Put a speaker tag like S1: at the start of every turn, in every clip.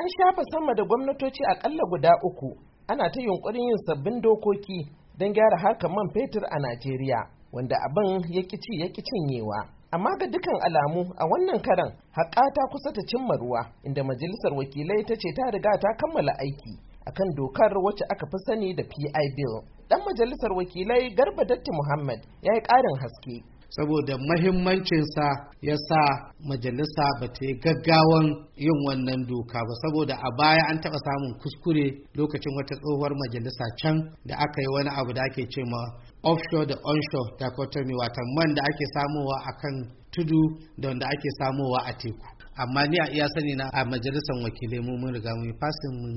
S1: an shafa sama da gwamnatoci akalla guda uku ana ta yunkurin yin sabbin dokoki don gyara harkar man fetur a najeriya wanda abin ya ci ya cinyewa amma ga dukan alamu a wannan karan haƙa ta kusa ta cimma ruwa inda majalisar wakilai ta ce ta riga ta kammala aiki akan dokar wacce aka fi sani da pi bill dan majalisar wakilai garba datti muhammad ya yi ƙarin haske saboda mahimmancinsa ya sa majalisa ba ta yi gaggawan yin wannan doka ba saboda a baya an taɓa samun kuskure lokacin wata tsohuwar majalisa can da aka yi wani abu da ake ce ma offshore da onshore dichotomy watan man da ake samowa kan tudu da wanda ake samowa a teku amma ni a iya sani na a majalisar wakilai mu mun riga mun fasin mun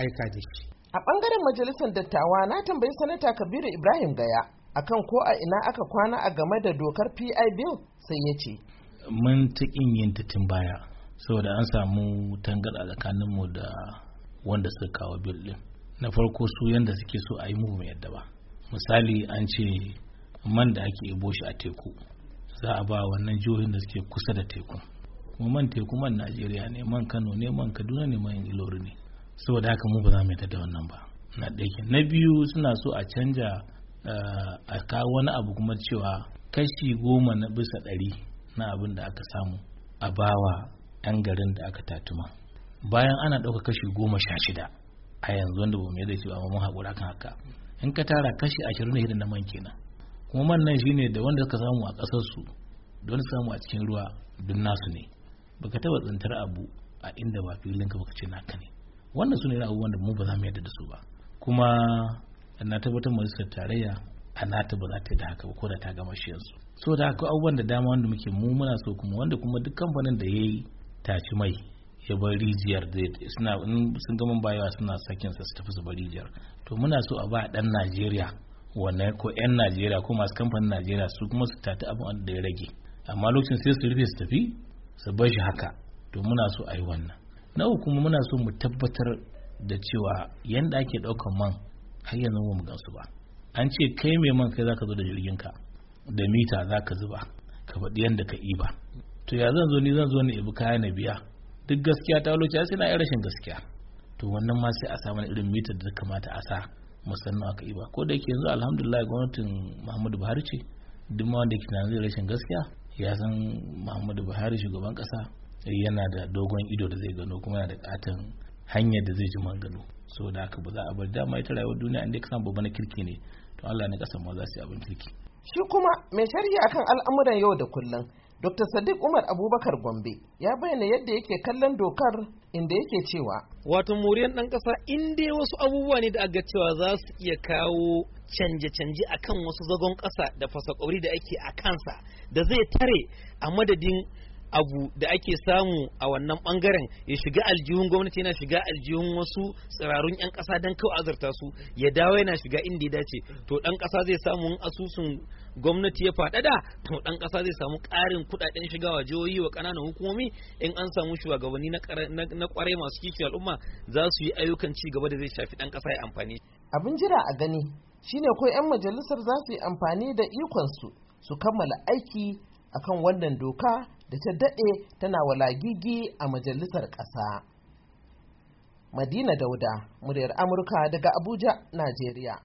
S1: aika da shi a bangaren majalisar dattawa na tambayi sanata kabiru ibrahim gaya akan ko a ina aka kwana a game da dokar pi bill sai ya ce
S2: mun tukin yin titin baya saboda an samu tsakanin tsakaninmu da wanda suka kawo bil din na farko su yanda suke so a yi mu mai yadda ba misali an ce man da ake ibo shi a teku za a ba wannan jihohin da suke kusa da teku kuma man teku man najeriya ne man kano ne man kaduna ne man ilori ne saboda haka mu ba za mu yadda da wannan ba na ɗaya na biyu suna so a canja Eh, a kawo wani abu kuma cewa kashi goma na bisa ɗari na abin da aka samu a bawa 'yan garin da aka tatuma bayan ana ɗauka kashi goma sha shida a yanzu wanda bamu yadda da cewa mun haƙura kan haka in ka tara kashi ashirin da na man kenan kuma man nan shine da wanda suka samu a ƙasar su da wanda samu a cikin ruwa duk nasu ne baka taba tsintar abu a inda ba filin ka baka ce naka ne wannan su ne abubuwan da mu ba za mu yadda da su ba kuma na tabbatar majalisar tarayya a nata ba za ta yi da haka ba ko da ta gama shi yanzu so da haka abubuwan da dama wanda muke mu muna so kuma wanda kuma duk kamfanin da ya yi mai ya bar rijiyar da suna sun gama bayawa suna sakin sa su tafi su bar rijiyar to muna so a ba dan Najeriya wannan ko yan Najeriya ko masu kamfanin Najeriya su kuma su tata abin da ya rage amma lokacin sai su rufe su tafi su bar shi haka to muna so a yi wannan na uku kuma muna so mu tabbatar da cewa yanda ake ɗaukan man har yanzu ba mu gansu ba an ce kai mai man kai zaka zo da jirgin ka da mita zaka zuba ka faɗi yanda ka iba to ya zan zo ni zan zo ne ibi kaya na biya duk gaskiya ta wuce sai na rashin gaskiya to wannan ma sai a samu irin mita da kamata a sa musamman aka iba ko da yake yanzu alhamdulillah gwamnatin Muhammadu Buhari ce duk ma wanda ke zai rashin gaskiya ya san Muhammadu Buhari shugaban kasa yana da dogon ido da zai gano kuma yana da katin hanyar da zai ji magano saboda haka ba za a bar dama ita rayuwar duniya inda ka samu babban kirki ne to Allah na kasan ma za su yi abin kirki
S1: shi kuma mai sharhi akan al'amuran yau da kullum Dr. Sadiq Umar Abubakar Gombe ya bayyana yadda yake kallon dokar inda yake
S3: cewa wato muriyan dan kasa in dai wasu abubuwa ne da aga cewa za su iya kawo canje-canje akan wasu zagon kasa da fasakori da ake a kansa da zai tare a madadin abu da ake samu a wannan bangaren ya shiga aljihun gwamnati yana shiga aljihun wasu tsirarun 'yan kasa don kawai azurta su ya dawo yana shiga inda ya dace to dan kasa zai samu asusun gwamnati ya faɗaɗa to dan kasa zai samu ƙarin kuɗaɗen shiga wa jihohi wa ƙananan hukumomi in an samu shugabanni na kwarai masu kishi al'umma za su yi ayyukan ci gaba da zai shafi dan kasa ya amfani.
S1: abin jira a gani shine ko 'yan majalisar za su yi amfani da ikonsu su kammala aiki akan wannan doka da ta daɗe tana walagigi a majalisar ƙasa. Madina Dauda, muryar Amurka daga Abuja, Najeriya.